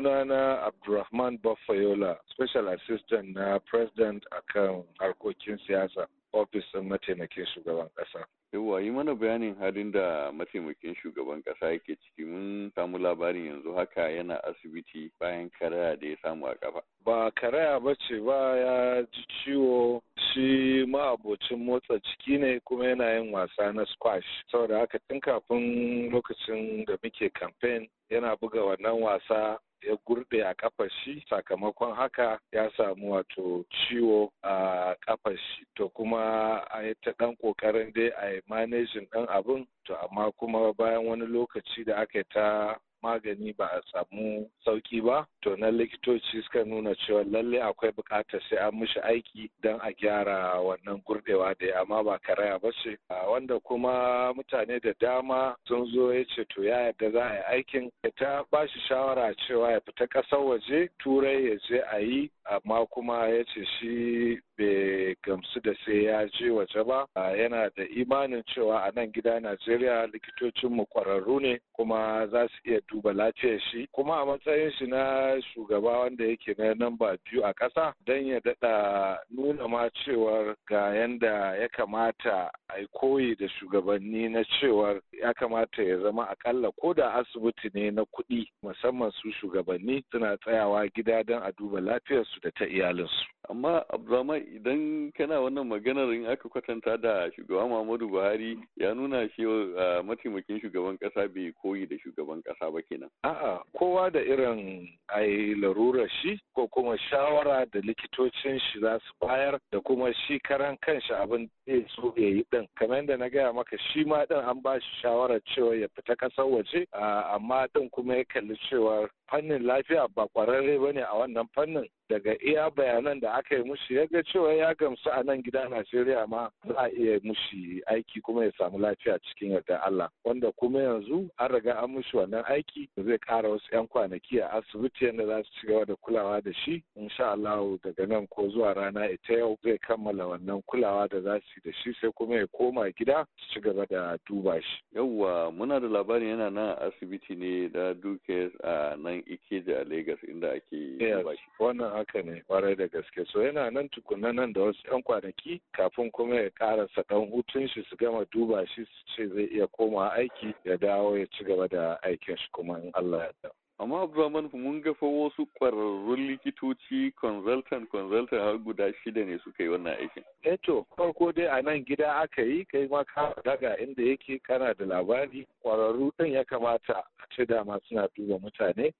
sunana abdulrahman baffayola special assistant na president kan harkokin siyasa ofisin mataimakin shugaban ƙasa. Yawwa yi mana bayanin halin da mataimakin shugaban ƙasa yake ciki mun samu labarin yanzu haka yana asibiti bayan karaya da ya samu a kafa. Ba karaya ba ce ba ya ji ciwo shi ma'abocin motsa ciki ne kuma yana yin wasa na squash. Saboda haka tun kafin lokacin da muke campaign yana buga wannan wasa ya gurɗe a kafar shi sakamakon haka ya samu wato ciwo a kafar shi to kuma a yi ta ɗan ƙoƙarin dai a yi manejin ɗan abin to amma kuma bayan wani lokaci da aka ta magani ba a samu sauki ba to na likitoci suka nuna cewa lalle akwai bukatar sai an mishi aiki don a gyara wannan gurdewa da ya amma ba karaya ba ce wanda kuma mutane da dama sun zo ya ce to ya yarda za a yi aikin ta ba shi shawara cewa ya fita ƙasar waje turai ya je a yi amma kuma ya ce shi ya je waje ba yana da imanin cewa a nan gida najeriya likitocinmu kwararru ne kuma za su iya duba lafiyar shi kuma a matsayin shi na shugaba wanda yake na namba biyu a ƙasa don ya daɗa nuna ma cewar ga yanda ya kamata a koyi da shugabanni na cewar ya kamata ya zama akalla ko da asibiti ne na kuɗi musamman su shugabanni suna tsayawa gida don a duba lafiyarsu da ta iyalinsu. amma abdulrahman idan kana wannan maganar in aka kwatanta da shugaban muhammadu buhari ya nuna shi mataimakin shugaban kasa bai koyi da shugaban kasa ba kenan a'a kowa da irin ai larurar shi ko kuma shawara da likitocin shi za su bayar da kuma shi karan kanshi abin zai so ya yi din kamar yadda na gaya maka shi ma din an ba shi shawarar cewa ya fita kasar waje amma din kuma ya kalli cewa fannin lafiya ba kwararre ba ne a wannan fannin daga iya bayanan da aka yi mushi ya ga cewa ya gamsu a nan gida Najeriya ma za a iya mushi aiki kuma ya samu lafiya cikin yadda Allah wanda kuma yanzu an riga an mushi wannan aiki zai kara wasu 'yan kwanaki a asibiti yadda za su ci gaba da kulawa da shi insha Allah daga nan ko zuwa rana ita yau zai kammala wannan kulawa da za su da shi sai kuma ya koma gida su ci gaba da duba shi. Yawwa muna da labarin yana nan a asibiti ne da Duke a nan Ikeja a Lagos inda ake duba shi. Wannan haka ne kwarai da gaske so yana nan tukunna nan da wasu 'yan kwanaki kafin kuma ya karasa ɗan hutun shi su gama duba shi su ce zai iya koma aiki ya dawo ya ci gaba da aikin shi kuma in Allah ya amma abdulrahman mun ga wasu kwararrun likitoci consultant consultant har guda shida ne suka yi wannan aikin Eto, eh farko dai a nan gida aka yi kai ma ka daga inda yake kana da labari ƙwararru ɗin ya kamata a ce dama suna duba mutane